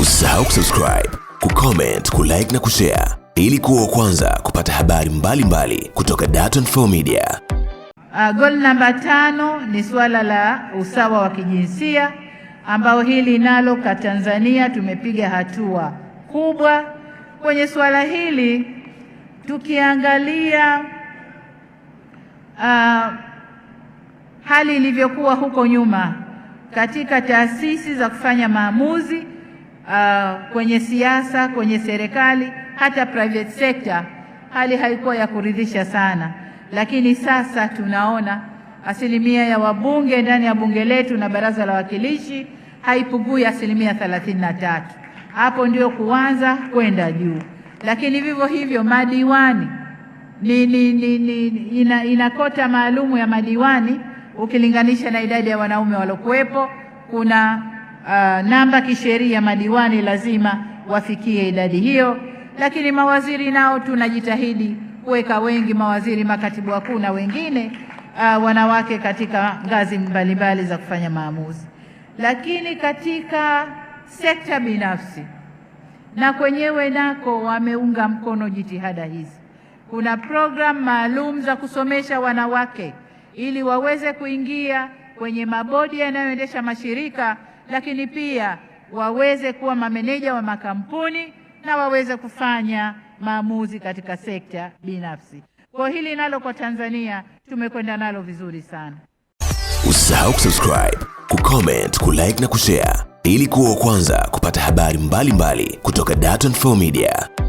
Usisahau kusubscribe, kucomment, kulike na kushare ili kuwa kwanza kupata habari mbalimbali mbali kutoka Dar24 Media. Uh, goal namba tano ni suala la usawa wa kijinsia ambao hili nalo kwa Tanzania tumepiga hatua kubwa kwenye suala hili tukiangalia uh, hali ilivyokuwa huko nyuma katika taasisi za kufanya maamuzi uh, kwenye siasa, kwenye serikali, hata private sector, hali haikuwa ya kuridhisha sana, lakini sasa tunaona asilimia ya wabunge ndani ya bunge letu na baraza la wawakilishi haipungui asilimia thelathini na tatu. Hapo ndio kuanza kwenda juu, lakini vivyo hivyo madiwani ni, ni, ni, ni, ina, ina kota maalumu ya madiwani ukilinganisha na idadi ya wanaume waliokuwepo kuna uh, namba kisheria, madiwani lazima wafikie idadi hiyo, lakini mawaziri nao tunajitahidi kuweka wengi mawaziri, makatibu wakuu na wengine uh, wanawake katika ngazi mbalimbali za kufanya maamuzi. Lakini katika sekta binafsi na kwenyewe nako wameunga mkono jitihada hizi. Kuna programu maalum za kusomesha wanawake ili waweze kuingia kwenye mabodi yanayoendesha mashirika lakini pia waweze kuwa mameneja wa makampuni na waweze kufanya maamuzi katika sekta binafsi. Kwa hili nalo kwa Tanzania tumekwenda nalo vizuri sana. Usisahau kusubscribe, kucomment, kulike na kushare ili kuwa wa kwanza kupata habari mbalimbali mbali kutoka Dar24 Media.